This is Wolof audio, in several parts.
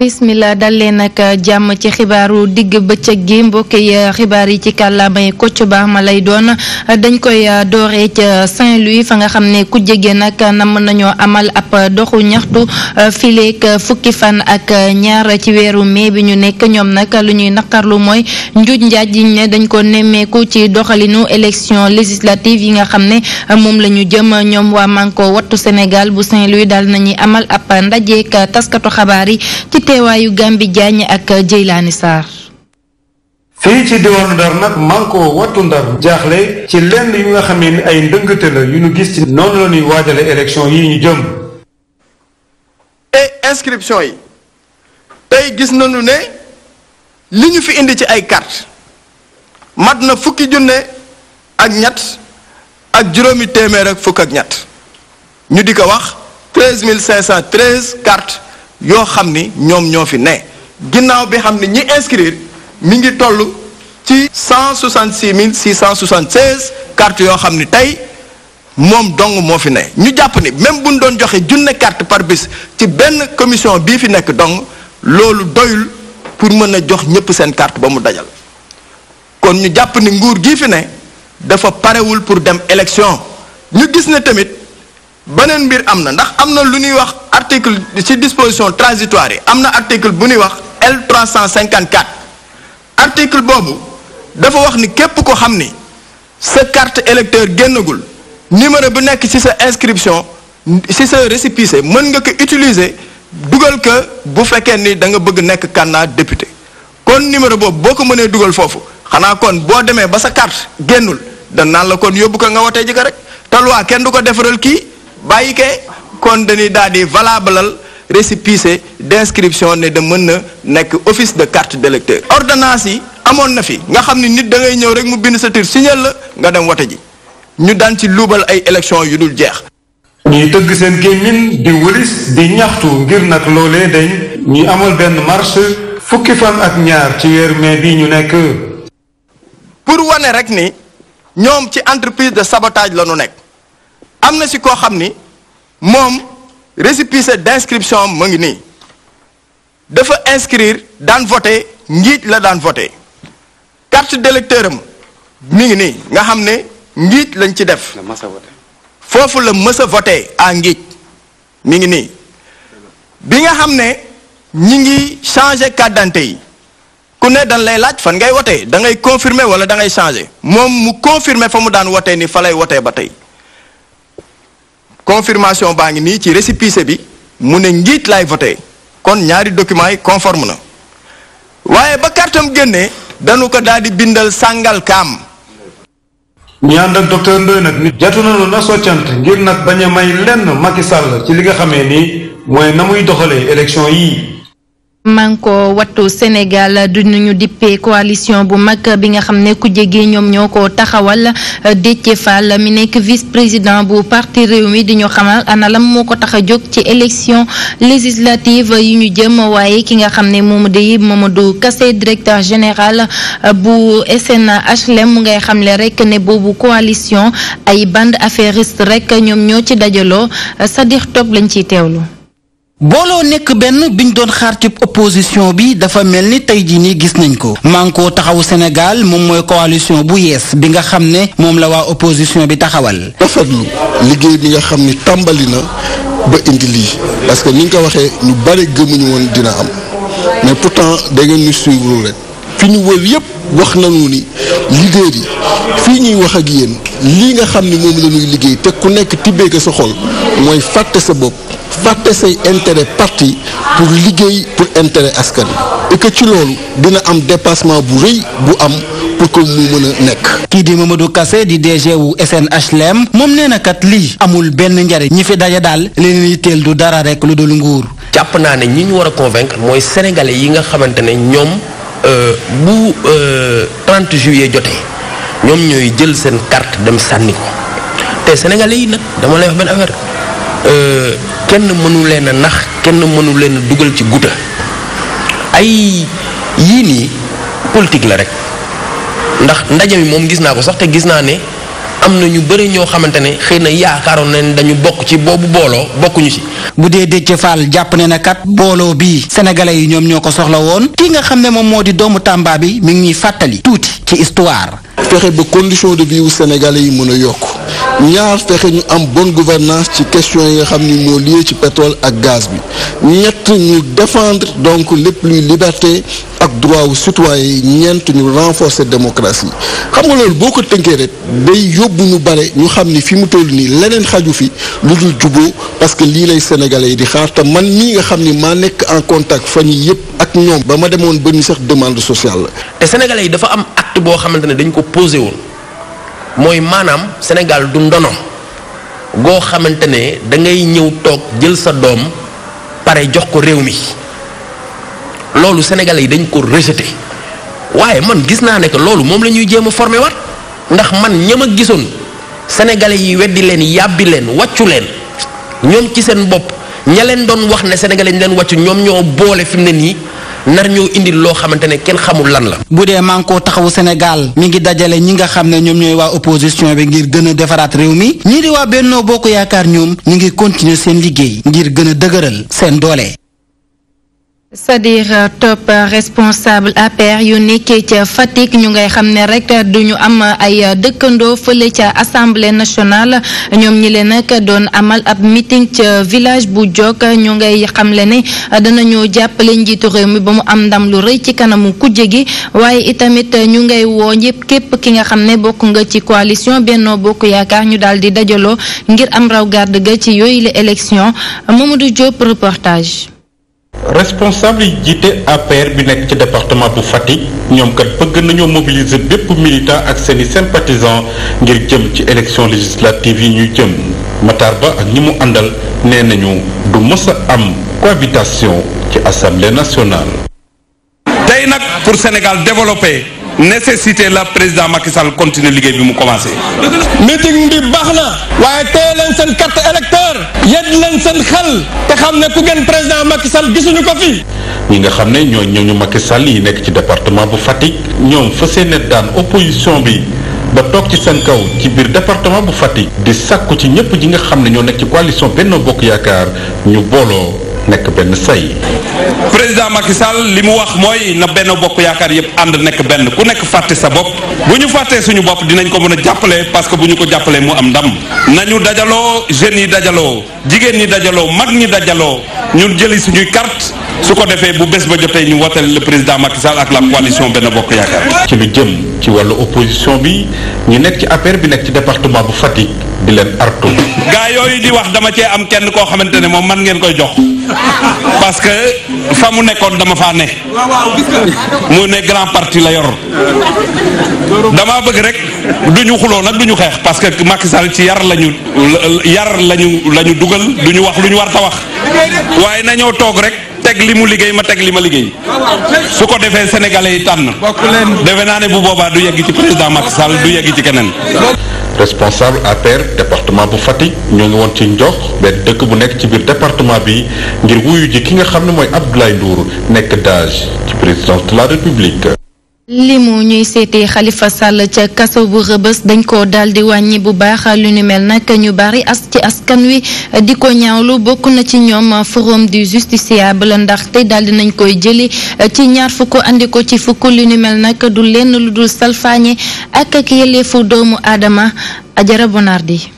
bismillah dalee nag jàmm ci xibaaru digg bëccëg gi mbokk yi xibaar yi ci kàllaamay Kocc Ba ma lay doon dañ koy dooree ca Saint-Louis fa nga xam ne ku jege nag namm nañoo amal ab doxu ñaxtu fileek fukki fan ak ñaar ci weeru mai bi ñu nekk ñoom nag lu ñuy naqarlu mooy njuuj njaaj yi ne dañ ko nemmeeku ci doxalinu élection législative yi nga xam ne moom la ñu jëm ñoom waa Manko Wattu Sénégal bu Saint-Louis daal nañuy amal ab ndajeek taskatu xabaar yi teewaayu Gambi Diagne ak Jeylaani Sarr. fii ci diwaanu ndar nag mànkoo wattu ndar jaaxle ci lenn yu nga xamee ni ay ndëngate la yu ñu gis ci noonu la ñuy waajale élection yi ñu jëm. et inscription yi tey gis nañu ne li ñu fi indi ci ay carte mat na fukki junne ak ñett ak juróomi téeméer ak fukk ak ñett ñu di ko wax treize mille cinq Yo xamni ñom ñoom ñoo fi ne ginnaw bi xamni ñi inscrire mi ngi tollu ci 166 carte 676 cartes tay mom dong mo fi ne ñu japp ni même buñ doon joxe junne carte par bis ci ben commission bi fi nekk dong lolu doyul pour mën a jox ñëpp sen carte ba mu dajal kon ñu japp ni nguur gi fi ne dafa wul pour dem élection ñu gis ne tamit beneen mbir am na ndax am na lu ñuy wax article ci disposition transitoire yi am na article bu ñuy wax L 354 article boobu dafa wax ni képp ko xam ni sa carte électeur génnagul numéro bu nekk ci sa inscription ci sa récépissé mën nga ko utiliser dugal ko bu fekkee ni da nga bëgg nekk candidat député kon numéro boobu boo ko mënee dugal foofu xanaa kon boo demee ba sa carte génnul da naan la kon yóbbu ko nga wotee ji rek te loi kenn du ko defaral kii bàyyi kee kon dañuy daal di valable récépissé d'inscription ne da mën na nekk office de carte d'électeur ordonnance yi amoon na fi nga xam ni nit da ñëw rek mu bind sa tur signal la nga dem wote ji ñu daan ci luubal ay élection yu dul jeex. ñuy tëgg seen gémmiñ di wëlis di ñaxtu ngir nag loolee dañ ñuy amal benn marche fukki fan ak ñaar ci weer mai bi ñu nekk. pour wane rek ni ñoom ci entreprise de sabotage la ñu nekk. am na si koo xam ni moom récépissé d'inscription mu ngi nii dafa inscrire daan voté njiit la daan voté carte d'électeur am mi ngi nii nga xam ne njiit lañ ci def foofu la mës a voté à njiit mi ngi nii bi nga xam ne ñu ngi changer carte d'identité yi ku ne dañ lay laaj fan ngay wotee dangay ngay confirmer wala da ngay changé moom mu confirmer fa mu daan wotee ni fa lay wotee ba tey confirmation baa ngi nii ci récépissé bi mu ne njiit laay voté kon ñaari documents yi conforme na waaye ba kartam génnee dañu ko daal di bindal sàngal kaam ñu ànd ak docteur nag nit jatu na lu na soccant ngir nag bañ a may lenn Macky ci li nga xamee nii mooy na muy doxalee élection yii man wattu Sénégal du ñu dippee coalition bu mag bi nga xam ne ku jege ñoom ñoo ko taxawal Déthié Fall mi nekk vice président bu parti réew mi di ñu xamal ana moo ko tax a jóg ci élection législative yi ñu jëm waaye ki nga xam ne moom di Mamadou Kassé directeur général bu SNHLM mu ngay xamle rek ne boobu coalition ay bande affairiste rek ñoom ñoo ci dajaloo Sadikh Top lañ ciy teewlu. booloo nekk benn bi ñu doon xaar ci opposition bi dafa mel ni tey jii nii gis nañ ko Manko taxawu Sénégal moom mooy coalition bu yees bi nga xam ne moom la waa opposition bi taxawal. rafetlu liggéey bi nga xam ni tàmbali na ba indi lii parce que ni nga ko waxee ñu bare gëmuñu woon dina am mais pourtant da ngeen ñu suivre rek fi ñu wër yépp wax nañu ni leader yi fii ñuy wax ak yéen lii nga xam ni moom la ñuy liggéey te ku nekk tibbee ko sa xol mooy fàtte sa bopp fàtte say intérêt parti pour liggéey pour intére askan et ci loolu dina am dépassement bu rëy bu am pour que mu mën a nekk. kii di Mamadou kase di DG wu SNHLM moom nee na kat lii amul benn njariñ ñi fi daje daal leen yitteel du dara rekk lu dul nguur. jàpp naa ne ñi ñu war a mooy sénégalais yi nga xamante ne ñoom. Euh, bu 30 euh, juillet jotee ñoom ñooy jël seen carte dem sànni ko te sénégalais yi nag dama lay wax benn affaire euh, kenn mënu leen a nax kenn mënu leen dugal ci guta ay yii nii politique la rek ndax ndaje mi moom gis naa ko sax te gis naa ne. am na ñu bëri ñoo xamante ne xëy na yaakaaroon nañ dañu bokk ci boobu booloo bokkuñu ci. bu dee Déthié Fall jàpp ne na kat booloo bii sénégalais yi ñoom ñoo ko soxla woon ki nga xam ne moom moo di doomu Tamba bi mi ngi ñuy fàttali tuuti ci histoire. fexe ba condition de vie wu sénégalais yi mën a yokk. ñaar fexe ñu am bonne gouvernance ci question yi nga xam ni lié ci pétrole ak gaz bi ñett ñu défendre donc lepp luy liberté ak droit wu citoyen ñent ñu renforcer démocratie xam nga lool boko ko tënkee rek day yobbu ñu bare ñu xamni fi mu toll ni leneen xaju fi lu dul juboo parce que li lay sénégalais yi di xaar te man mii nga xamni ma nek en contact fan yépp ak ñom ba ma demoon ba sax demande sociale la. sénégalais yi dafa am acte bo xamantene dañ ko posé woon. mooy maanaam Sénégal du ndono goo xamante ne da ngay ñëw toog jël sa doom pare jox ko réew mi loolu sénégalais yi dañ ko rejeté waaye man gis naa ne que loolu moom la ñuy jéem a formé waat ndax man ñam a gisoon sénégalais yi weddi leen yàbbi leen wàccu leen ñoom ci seen bopp ña leen doon wax ne sénégalais ñu leen wàccu ñoom ñoo boole fi mu ne nii nar ñoo indil loo xamante ne kenn xamul lan la. bu dee mànkoo taxawu Sénégal mu ngi dajale ñi nga xam ne ñoom ñooy waa opposition bi ngir gën a defaraat réew mi ñii di waa Bennoo Bokk Yaakaar ñoom ñu ngi continuer seen liggéey ngir gën a dëgëral seen doole. cest à euh, top euh, responsable APR yu nekkee ca Fatick ñu ngay xam ne rek euh, duñu am ay dëkkandoo fële ca assemblée nationale ñoom ñi leen nag doon amal ab meeting ca village bu Diok ñu ngay xam le ne danañu jàppale njiitu réew mi ba mu am ndam lu rëy ci kanamu kujje gi waaye itamit ñu ngay woo ñëpp képp ki nga xam ne bokk nga ci coalition Benno Bokk Yaakaar ñu daal di dajaloo ngir am raw garde ga ci yooyu la élection Mamadou Diop reportage. responsable yi jiite APR bi nek ci département bu Fatick ñom kat bëgg nañu mobiliser bépp militant ak seeni sympathisants ngir jëm ci élection législative yi ñuy jëm matarba ak ñimu andal àndal nañu du mës am cohabitation ci assemblée nationale. tay nak pour Sénégal développé. nécessité la président Macky Sall continuer liggéey bi mu commencé. meeting bi baax na. waaye téye leen seen carte électeur yedd leen seen xel. te xam ne ku gën président Macky Sall gisuñu ko fi. ñi nga xam ne ñoo ñooñu Macky Sall yi nekk ci département bu Fatick. ñoom fa seen daan opposition bi. ba toog ci seen kaw ci biir département bu Fatick. di sàkku ci ñëpp ji nga xam ne ñoo nekk ci coalition Benno Bokk Yaakaar ñu booloo. nekk benn say président Macky Sall li mu wax mooy na benn bokk yaakaar yëpp ànd nekk benn ku nekk fàtte sa bopp bu ñu fàttee suñu bopp dinañ ko mën a jàppale parce que bu ñu ko jàppalee mu am ndam nañu dajaloo jeunes yi dajaloo jigéen ñi dajaloo mag ñi dajaloo ñu jëli suñuy carte su ko defee bu bés ba jotee ñu woteel le président Macky Sall ak la coalition benn bokk yaakaar ci lu jëm ci wàllu opposition bi ñu nekk ci affaire bi nekk ci département bu Fatick di leen artu gaa yooyu di wax dama cee am kenn koo xamante ne moom man ngeen koy jox parce que fa mu nekkoon dama faa ne mu ne grand parti la yor dama bëgg rek du ñu xuloo nag du ñu xeex parce que Macky ci yar lañu yar lañu la ñu dugal du ñu wax lu ñu war ta wax waaye nañoo toog rek teg li mu liggéey ma teg li ma liggéey su ko defee sénégalais yi tànn defe naa ne bu boobaa du yegg ci président Macky Sall du yegg ci keneen responsable APR département bu Fatick en ngi mais ci ndox ben dëkk bu nekk département bi ngir wuyu ji ki Abdoulaye de la République li mu ñuy seetee Khalifa Sall ca kaso bu rëbës dañ ko daal di wàññi bu baax lu ni nag ñu bari as ci askan wi di ko ñawlu bokk na ci ñoom forum du justiciable ndaxte daal di nañ koy jëli ci ñaar fukk andi ko ci fukk lu ni nag du lenn lu dul salfaañe ak ak yelleefu doomu aadama Ajara Bonardi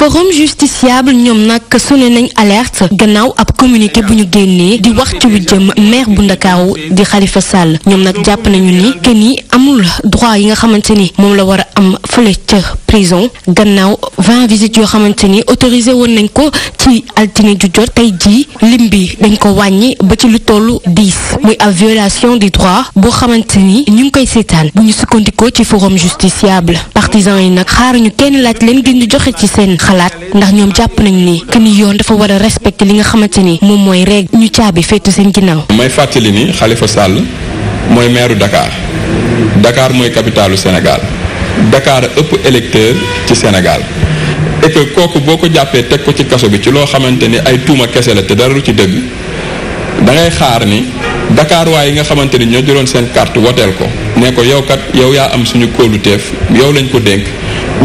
forum justiciable ñom nak sone nañ alerte gannaaw ab communiqué buñu ñu di wax ci lu maire bu Ndakaaru di Khalifa Sall ñom nak japp nañu ni que ni amul droit yi nga xamanteni mom la wara am fële ci prison gannaaw vingt visites Yo xamanteni autorisé woon nañ ko ci altiné ju jot tay ji limbi dañ ko wañi ba ci lu tollu 10 muy violation du droit bo xamanteni ni ñu ngi koy seetaan buñu ñu ci forum justiciable partisan yi nag ñu kenn laaj leen di joxe ci sen xalaat ndax ñoom jàpp nañ ni que ni yoon dafa war a respecter li nga xamante ni moom mooy reg ñu caabi féetu seen ginnaaw. may fàttali ni Khalifa Sall mooy maire Dakar dakaar mooy capitalu Sénégal Dakar ëpp électeur ci Sénégal et kooku boo ko jàppee teg ko ci kaso bi ci loo xamante ni ay tuuma kese la te dara du ci dëgg da ngay xaar ni Dakar waay yi nga xamante ni ñoo jëloon seen carte woteel ko ne ko yow kat yow yaa am suñu kóoluteef yow lañ ko dénk.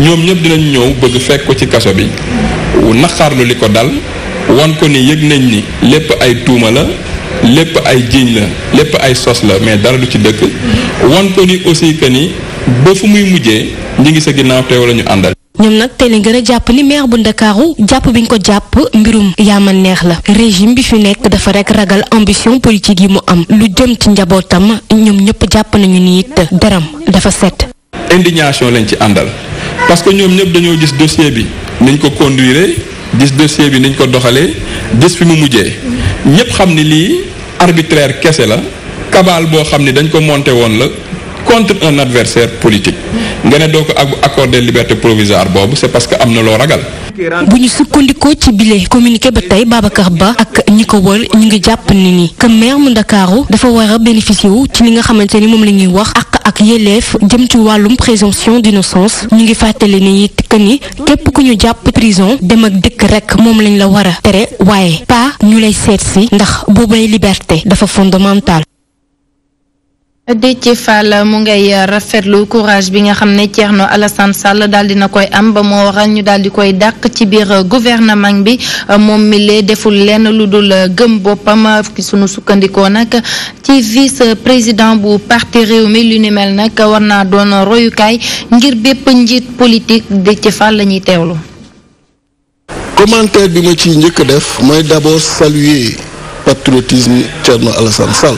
ñoom ñëpp dinañ ñëw bëgg fekk ko ci kaso bi naqarlu li ko dal wan ko ni yëg nañ ni lépp ay tuuma la lépp ay jiiñ la lépp ay sos la mais dara du ci dëkk wan ko ni aussi que ni ba fu muy mujjee ñi sa ginnaaw teew la ñu àndal. ñoom nag tey li gën jàpp ni maire bu Ndakaaru jàpp bi ñu ko jàpp mbirum yaama neex la régime bi fi nekk dafa rekk ragal ambition politique yi mu am lu jëm ci njabootam ñoom ñëpp jàpp nañu ni it deram dafa set. indignation lañ ci àndal. parce que ñoom ñëpp dañoo gis dossier bi niñ ko conduire gis dossier bi niñ ko doxalee gis fi mu mujjee ñëpp xam ni lii arbitraire kese la kabaal boo xam ni dañ ko monté woon la contre un adversaire politique nga ne donc accordé accorder liberté provisoire boobu c'est parce que am na ragal. Buñu ñu ci bilé communiqué ba tay Babacar Ba ak ñiko wol wër ñu ngi japp ni ni que maire mu Ndakaaru dafa wara bénéficier wu ci li nga xamanteni mom lañuy wax ak ak yelef jëm ci walum présomption d'innocence ñu ngi fàttali ni yitt que ni képp ku ñu prison dem ak dëkk rek mom lañ la wara téré tere pa ñu lay seet ndax bobay liberté dafa fondamental Déthié Fall mu ngay rafetlu courage bi nga xam ne Thierno Alassane Sall daal dina koy am ba moo waral ñu daal di koy dàq ci biir gouvernement bi moom mi lee deful lenn lu dul gëm boppam sunu sukkandikoo nag ci vice président bu parti réew mi lu ni mel nag war naa doon royukaay ngir bépp njiit politik Déthié Fall lañuy ñuy teewlu. commentaire bi ma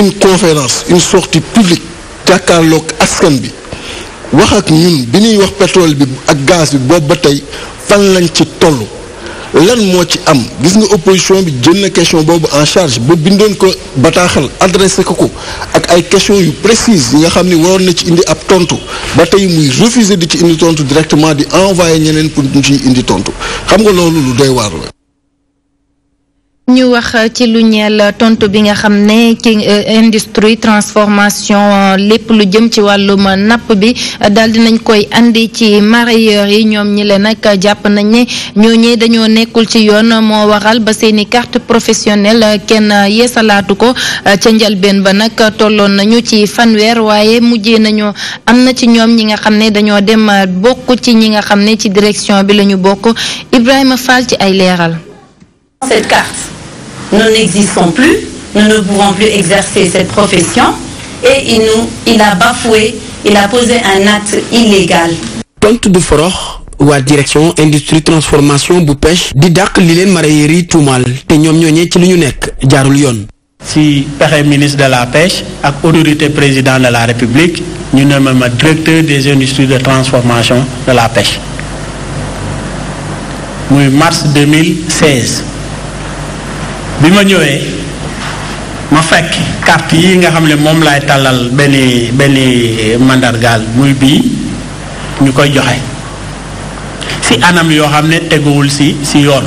une conférence une sortie publique jàkkaarloog pétrole bi gaz bi fan lañ ci ci am opposition bi question en charge ko adressé ko ko ak ay questions précises nga ni na ci indi ab tontu muy directement di envoyer ñeneen pour indi tontu xam nga lu ñu wax euh, ci lu ñeel euh, tontu bi nga xam ne ci euh, industrie transformation lépp lu jëm ci wàllum napp bi daldi nañ koy indi ci mareyeurs yi ñoom ñi le nag jàpp nañ ne ñooñee dañoo nekkul ci yoon moo waral ba seeni i professionnel kenn yeesalaatu ko ca njalbeen ba nag tolloon nañu ci fanweer waaye mujjee nañu am na ci ñoom ñi nga xam ne dañoo dem bokk ci ñi nga xam ne ci direction bi lañu bokk Ibrahima Fall ci ay leeral. nous n'existons plus, nous ne pouvons plus exercer cette profession et il, nous, il a bafoué, il a posé un acte illégal. Pont de Foroch à direction industrie transformation bu pêche di dak li leen toumal yi tuumaal te ñom ñooñee ci li ñu nek jaarul ministre de la pêche ak autorité président de la république ñu ne ma directeur des industries de transformation de la pêche Oui, mars 2016. bi ma ñëwee ma fekk carte yi nga xam ne moom laay tàllal benn benn mandargaal muy bii ñu koy joxe ci anam yoo xam ne teguwul ci ci yoon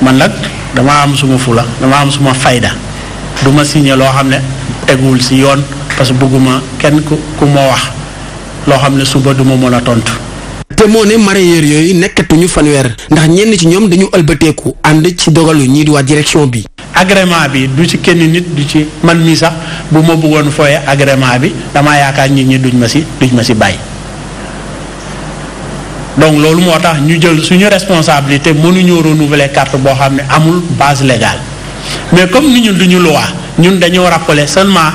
man nag dama am suma fula dama am suma fayda du ma loo xam ne teguwul ci yoon parce que bëgguma kenn ku ku ma wax loo xam ne suba duma mën a tontu. te moo ne mareyeur yooyu nekkatuñu fanweer ndax ñenn ci ñom dañu ëlbateeku and ci dogalu ñi di wa direction bi. agrément bi du ci kenn nit du ci man misa sax bu ma bëggoon fooye agrément bi dama yaaka ñi ñi duñ ma dong duñ ma ci bay donc lolu motax ñu jël suñu responsabilité ñu renouveler carte bo xamné amul base légale mais comme nyu ñun duñu loi ñun dañu rappeler seulement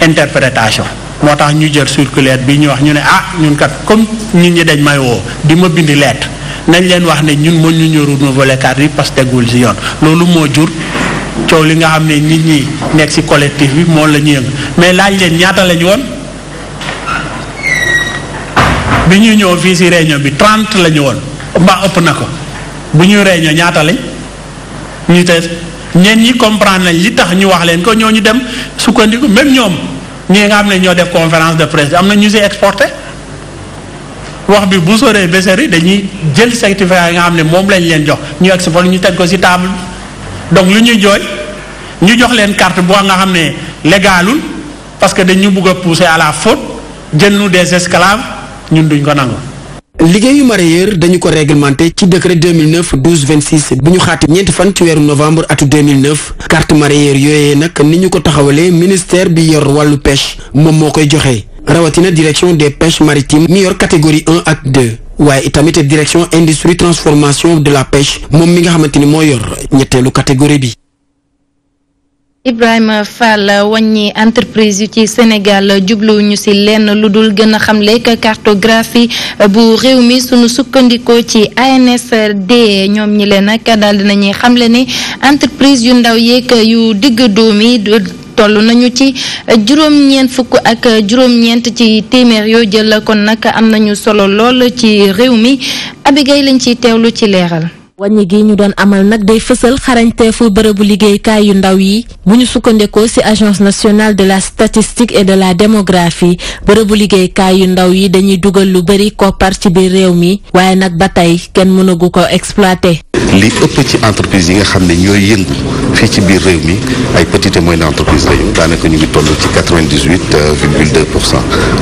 interprétation. moo tax ñu jël circulaire bi ñu wax ñu ne ah ñun kat comme nit ñi dañ may woo di ma bindi leet nañ leen wax ne ñun mën ñu ñu renouveler carte yi parce que teguwul si yoon loolu moo jur coow li nga xam ne nit ñi nekk si collective bi moo la ñu yëng mais laaj leen ñaata lañ woon bi ñuy ñëw fii si réunion bi 30 la ñu woon mbaa ëpp na ko bu ñuy réunion ñaata lañ ñu te ñenn ñi comprendre nañ li tax ñu wax leen ko ñoo ñu dem sukkandiku même ñoom. ñii nga xam ne ñoo def conférence de presse am na ñu si exporté wax bi bu soree béséri dañuy jël certificat yi nga xam ne moom lañ leen jox ñu exporté ñu teg ko si table donc lu ñuy jooy ñu jox leen carte boo nga xam ne légalul parce que dañu bugg a pousser à la faute jënnu des esclaves ñun duñ ko nangu. liggéeyu marière dañu ko réglementer, ci décret 2009 12 26 buñu xati ñent fan novembre 2009 carte marière, yoyé nak niñu ko ministère bi yor pêche mom mo koy joxé rawatina direction des pêches maritimes mi catégorie 1 ak 2 waye itamit direction industrie transformation de la pêche mom mi nga xamante mo catégorie B. Ibrahima Fall wàññi entreprise yu ci Sénégal jubluwuñu ci lenn lu dul gën a xamle cartographie bu réew mi sunu sukkandikoo ci ANSD ñoom ñi leen nag daal dinañuy xamle ni entreprise yu ndaw yeeg yu digg yi toll nañu ci juróom ak juróom ci téeméer yoo jël kon nag am nañu solo lool ci réew mi Abigay lañ ciy teewlu ci leeral. wàññi gi ñu doon amal nag day fësal xarañteefu bërëbu liggéeykaay yu ndaw yi bu ñu sukkandekoo ci agence nationale de la statistique et de la démographie bërëbu liggéeykaay yu ndaw yi dañuy dugal lu bari koppar ci biir réew mi waaye nag ba tey kenn mënagu ko exploiter. li ëpp ci entreprise yi nga xam ne ñooy yëngu fii ci biir réew mi ay petite et moyenne entreprise la ñu daanaka ñu ngi toll ci quatre vingt dix huit euh,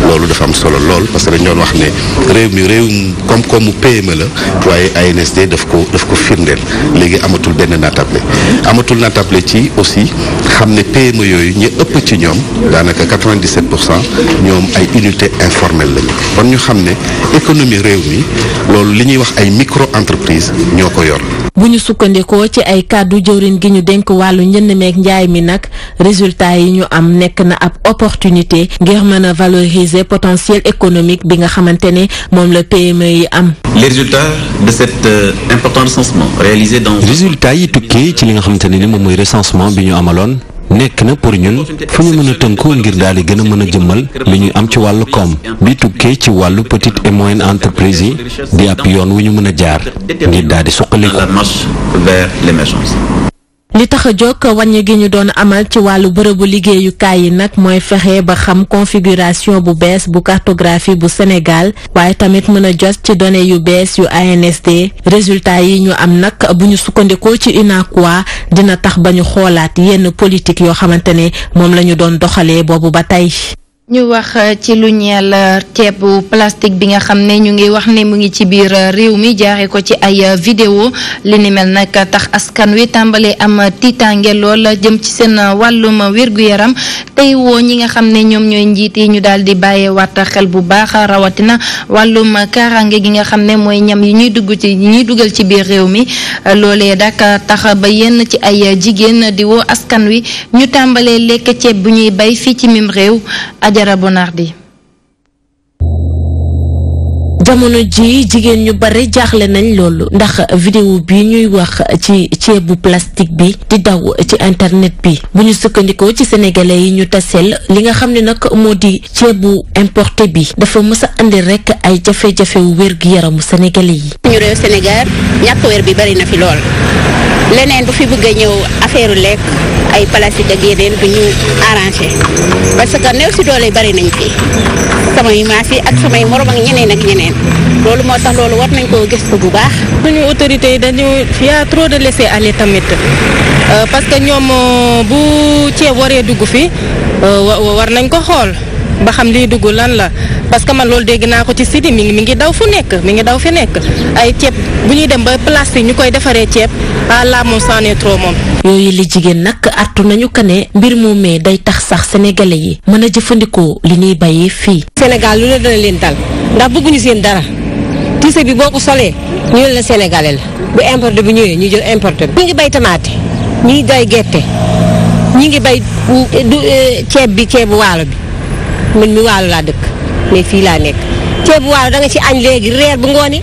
loolu dafa am solo lool parce que dañu doon wax ne réew mi réew koom-koomu PME la waaye ANSD daf ko ko firndeel léegi amatul benn naatable amatul naatable ci aussi xam ne PME yooyu ñu ëpp ci ñoom daanaka 97 pour cent ñoom ay unité informelle lañu kon ñu xam ne économie réew mi loolu li ñuy wax ay micro entreprise ñoo ko yor. bu ñu sukkandikoo ci ay kàddu jëwrin gi ñu dénk wàllu njënd meek njaay mi nag résultat yi ñu am nekk na ab opportunité ngir mën valoriser potentiel économique bi nga et ne le PME yi am. Les résultats de cette euh, importante recensement réalisé dans. résultat yi tukkee ci li nga xamante ne ni moom mooy recensement bi ñu amaloon. nekk na pour ñun fu ñu mën a tënku ngir daal di gën a mën a jëmmal li ñuy am ci wàllu koom bi tukkee ci wàllu petite et moyenne entreprise yi di ab yoon wu ñu mën a jaar ngir daal di suqaliku. li tax a jóg wàññi gi ñu doon amal ci wàllu bërëbu liggéeyukaay yi nag mooy fexe ba xam configuration bu bees bu cartographie bu Sénégal waaye tamit mën a jot ci données yu bees yu ANSD résultats yi ñu am nag bu ñu sukkandikoo ci UNACOIS dina tax ba ñu xoolaat yenn politique yoo xamante ne moom la ñu doon doxalee boobu ba tey. ñu wax euh, ci lu ñeel euh, ceebu plastique bi nga xam ne ñu ngi wax ne mu ngi ci biir euh, réew mi jaaree ko ci ay vidéo li ni mel nag tax askan wi tàmbalee am tiitaange lool jëm ci seen wàllum wér-gu-yaram tey woo ñi nga xam ne ñoom ñooy njiit yi ñu daal di bàyyeewaat xel bu baax rawatina wàllum kaaraange gi nga xam ne mooy ñam yi ñuy dugg ci yi ñuy dugal ci biir réew mi loolee dak tax ba yenn ci ay jigéen di askan wi ñu tàmbalee lekk ceeb bu ñuy bay fii ci mim réew. Aïdara Bonardi jamono ji jigéen ñu bare jaaxle nañ loolu ndax vidéo bi ñuy wax ci ceebu plastique bi di daw ci internet bi bu ñu sukkandikoo ci sénégalais yi ñu taseel li nga xam ne nag moo di ceebu importé bi dafa mës a andi rek ay jafe-jafe wér gi yaramu sénégalais yi. ñu réew Sénégal ñàkk wér bi bari na fi lool leneen bu fi bëgg a ñëw affaire lekk ay plastique ak yeneen du ñu arrangé parce si doole bari fi. samay maas yi ak samay morom ak ñeneen ak ñeneen loolu moo tax loolu war nañ koo gëstu bu baax. suñu autorité yi dañu y a trop de laisser aller tamit euh, parce que ñoom euh, bu ceeb waree dugg fi euh, war nañ ko xool. ba xam liy dugg lan la parce que man loolu dégg naa ko ci sidi mi ngi mi ngi daw fu nekk mi ngi daw fi nekk ay ceeb bu ñuy dem ba place yi ñu koy defaree ceeb ah là moom c'en est trop moom. yooyu li jigéen nag artu nañu ko ne mbir moomee day tax sax sénégalais yi mën a jëfandikoo li ñuy bayee fii. Sénégal lu la dana leen dal ndax bëgguñu seen dara tise bi boo ko solee ñu bu importe bi ñëwee ñu jël importe bi. ñu bay tamaate ñi ngi bay gerte ñi ngi bay euh, ceeb bi ceebu waalo bi. man mi waalo laa dëkk mais fii laa nekk ceeb bu waalo da ci añ léegi reer bu ngooni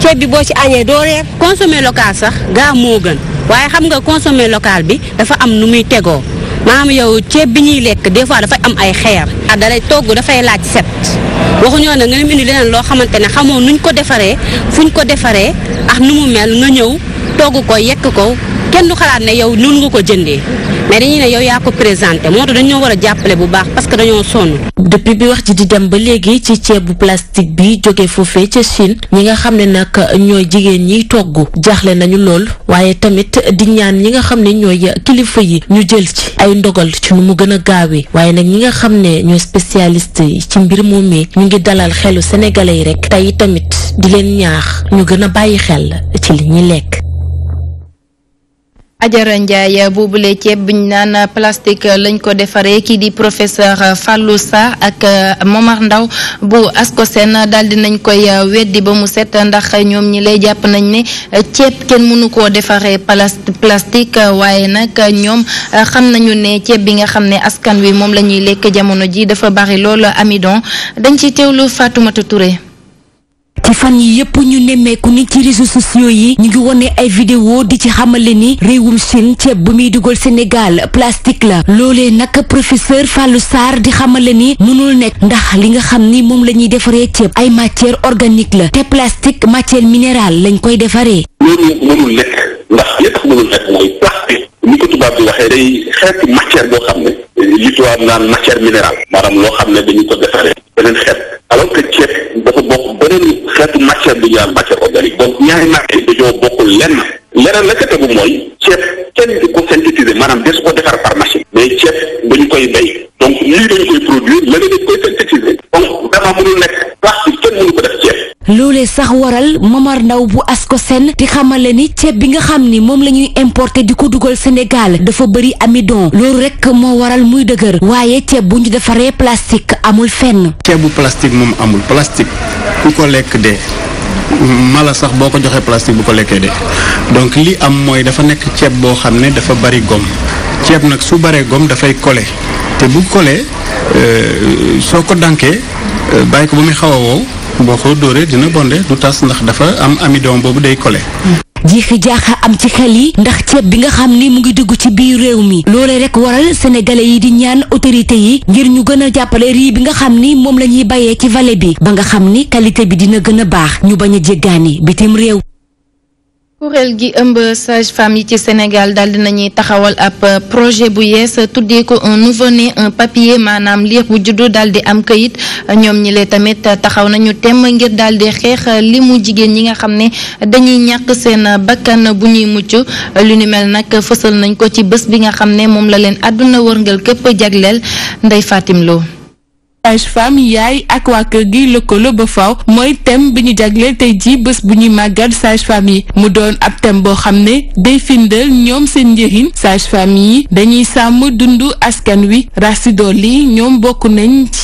ceeb bi boo ci añee doo reer. consommer local sax gaa moo gën waaye xam nga consommer local bi dafa am nu muy tegoo maam yow ceeb bi ñuy lekk des fois dafay am ay xeer. ah dalay togg dafay laaj set waxuñoo nag nga dem indi leneen loo xamante ne xamoo nuñ ko defaree fu fuñ ko defaree ak nu mu mel nga ñëw togg ko yekk ko kenn du xalaat ne yow noonu nga ko jëndee. mais dañuy ne yow yaa ko présenté moo tax dañoo war a jàppale bu baax parce que dañoo sonn. depuis bi wax ji di dem ba léegi ci bu plastique bi jóge foofe ca Chine ñi nga xam ne nag ñooy jigéen ñiy togg jaaxle nañu lool waaye tamit di ñaan ñi nga xam ne ñooy kilifa yi ñu jël ci ay ndogal ci nu mu gën a gaawe waaye nag ñi nga xam ne ñooy spécialiste yi ci mbir moomee ñu ngi dalal xelu sénégalais yi rek tey tamit di leen ñaax ñu gën a bàyyi xel ci li ñuy lekk. Ajara Ndiaye boobule ceeb biñ naan plastique lañ ko defaree kii di professeur Fallou saa ak euh, Momar Ndaw bu Ascosen dal di nañ koy euh, weddi ba mu set ndax ñoom ñi lay jàpp nañ ne euh, ceeb kenn mënu koo defaree plastique waaye nag ñoom xam nañu ne ceeb bi nga xam ne askan wi moom la ñuy lekk jamono ji dafa bari loolu amidon dañ ci teewlu Fatoumata Touré ci fan yi yëpp ñu nemmeeku ni ci réseaux sociaux yi ñu ngi wone ay vidéo di ci xamal xamale ni réewum Chine ceeb bu muy dugal Sénégal plastique la loole nag professeur Fallou Sarr di xamale ni mënul nekk ndax li nga xam ni moom la ñuy defaree ceeb ay matière organique la te plastique matière minérale lañ koy defaree. loolu mënul nekk ndax li tax nekk mooy plastique ni ko tubaab di waxee day xeetu matière boo xam ne li tubaab naan matière minérale maanaam bokk ñaari marché la ca tegu mooy mënul nekk plastique kenn mënu ko def ceeb loolee sax waral Momar Ndao bu Ascosen di xamale ni ceeb bi nga xam ni moom la ñuy importer di ko dugal Sénégal dafa bëri amidon loolu rek moo waral muy dëgër waaye ceeb bu ñu defaree plastique amul fenn. ceebu plastique moom amul plastique ku ko lekk dee. mala sax boo ko joxee plastique bu ko lekkee de donc li am mooy dafa nekk ceeb boo xam ne dafa bari gom ceeb nag su baree gom dafay kole te bu kolee euh, soo ko dankee euh, bàyyi ko ba muy xaw a wow boo ko dóoree dina bonde du tas ndax dafa am amidon boobu day kole jiixi jaaxa am ci xel yi ndax ceeb bi nga xam ni mu ngi dugg ci biir réew mi loole rek waral sénégalais yi di ñaan autorité yi ngir ñu gën a jàppale rii bi nga xam ni moom la ñuy bayee ci vallée bi ba nga xam ni qualité bi dina gën a baax ñu bañ a jéggaani bitim réew kuréel gi ëmb sage femme yi ci Sénégal daal nañuy taxawal ab euh, projet bu yees tuddee ko un nouveau-né un papier maanaam liir bu juddu daal di am këyit ñoom ñi lee tamit taxaw nañu temm ngir daal di xeex li mu jigéen ñi nga xam ne dañuy ñàkk seen bakkan bu ñuy mucc lu ni mel nag fësal nañ ko ci bés bi nga xam ne moom la leen àdduna wërngal képp jagleel ndey Fatim Lo page femme yaay ak waa kër gi lëkkaloo ba faaw mooy thème bi ñu jagleel tey jii bés bu ñuy màggal sage-femme yi mu doon ab thème boo xam ne day findal ñoom seen njëriñ sage-femme yi dañuy sàmm dundu askan wi rax li ñoom bokk nañ ci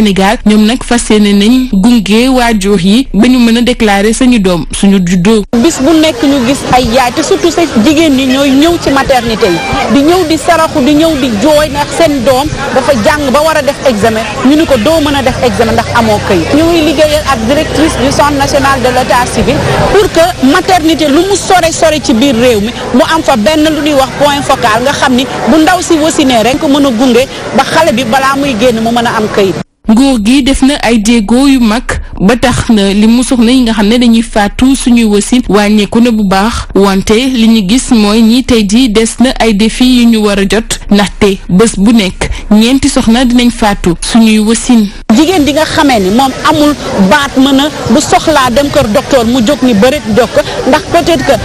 Sénégal ñoom nag fas yéene nañ gunge waajur yi ba ñu mën a déclarer suñu doom suñu juddoo. bis bu nekk ñu gis ay yaay te surtout sa jigéen ñi ñooy ñëw ci maternité yi di ñëw di saraxu di ñëw di jooy ndax seen doom dafa jàng ba war a def examen ñu ni ko doo mën a def examen ndax amoo këyit ñu ngi liggéeyal ak directrice du centre national de l'état civil pour que maternité lu mu sore sore ci biir réew mi mu am fa benn lu ñuy wax point focal nga xam ni bu ndaw si wasinee rek ko mën a gunge ba xale bi balaa muy génn mu mën a am këyit nguur gi def na ay jéego yu mag ba tax na li mu soxla yi nga xam ne dañuy faatu suñuy wasin wàññeeku na bu baax wante li ñu gis mooy ñi tey jii des na ay défi yu ñu war a jot ndaxte bés bu nekk ñeenti soxna dinañ faatu suñuy wasin jigéen di nga xamee ni moom amul baat mën a bu soxlaa dem kër docteur mu jóg ni bërit jokk ndax peut-être que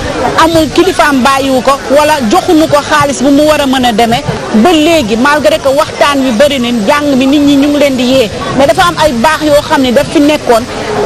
amul kilifaam bàyyiwu ko wala joxuñu ko xaalis bu mu war a mën a demee ba léegi malgré que waxtaan wi bari na jàng mi nit ñi ñu ngi leen di yee mais dafa am ay baax yoo xam ne daf fi nekkoon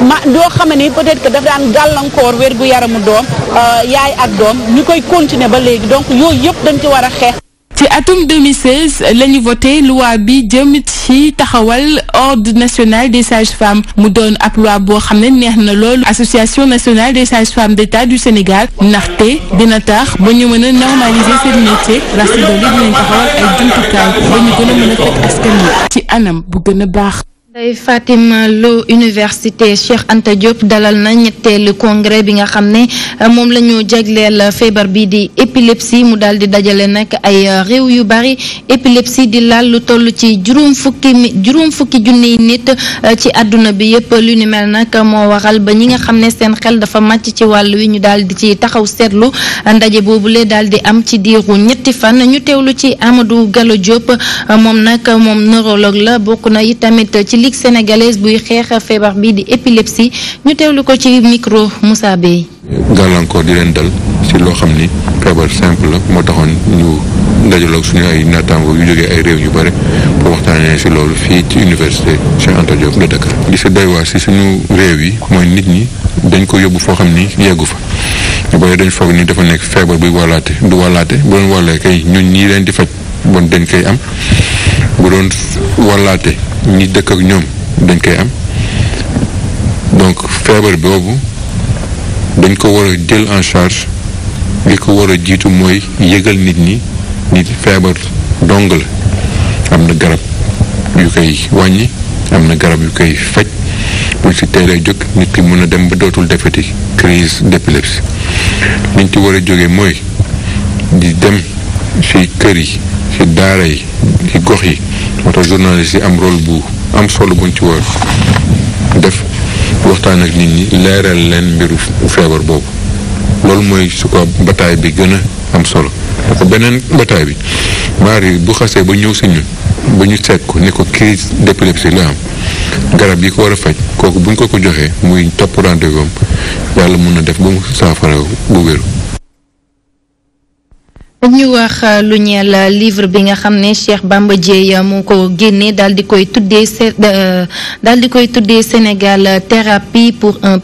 ma yoo xam ne ni peut-être que daf daan gàllankoor wér gu yaramu doom euh, yaay ak doom ñu koy continuer ba léegi donc yooyu yëpp dañ ci war a xeex. ci atum 2016 la ñu voté loi bi jëm ci taxawal ordre national des sages-femmes mu doon ab loi bo xam neex na lool association nationale des sages-femmes d'État du Sénégal Narté dina tax ba ñu mëna a normaliser ce métier rax si doole ñu taxawal ay jumtukaay ba ñu gën a fekk askan ci anam bu gëna baax. day Fatima Lo université Cheikh Anta Diop dalal na ñetteelu congrès bi nga xam ne euh, moom la ñu jagleel feebar bi di épilepsie mu daal di dajale nag ay euh, réew yu bari épilepsie di laal lu toll ci juróom fukki juróom junniy nit euh, ci àdduna bi yépp lu ni mel nag moo waral ba ñi nga xam ne seen xel dafa màcc ci wàll wi ñu dal di ci taxaw seetlu ndaje boobule daal di am ci diiru ñetti fan ñu teewlu ci Amadou Gallo Diop moom nag moom neurologue la bokk na itamit ci ligue sénégalaise buy xeex feebar bi di épilepsie ñu teewlu ko ci micro Moussa Bey. gàllankoor di leen dal si loo xam ni feebar simple la moo taxoon ñu dajaloog suñu ay naataango yu jógee ay réew yu bare pour waxtaanee si loolu fii ci université Cheikh Anta Diop de Dakar. li si doy si suñu réew yi mooy nit ñi dañ ko yóbbu foo xam ni yeggu fa. booy dañ foog ni dafa nekk feebar buy wàllaate du wàllaate bu doon wàllee kay ñun ñii leen di faj bon dañ koy am bu doon walaate ñi dëkk ak ñoom dañ koy am donc feebar boobu dañ ko war a jël en charge li ko war a jiitu mooy yëgal nit ñi nit feebar dong la am na garab yu koy wàññi am na garab yu koy faj buñ si teelee jóg nit ki mën a dem ba dootul defeti crise d'épilepsie liñ ci war a jógee mooy di dem ci kër yi ci daara yi gox yi moo tax journaliste am rôle bu am solo buñ ci war def waxtaan ak nit ñi leeral leen mbiru feebar boobu loolu mooy su ko bataay bi gën a am solo parce beneen bataay bi maar yi bu xasee ba ñëw si ñun ba ñu seet ko ni ko crise d'épilepsie la am garab yi ko war a faj kooku buñ ko ko joxee muy topp rendez yàlla mun na def ba mu saafara bu wéru ñu wax euh, lu ñeel euh, livre bi nga Cheikh Bamba euh, ko Sénégal thérapie pour un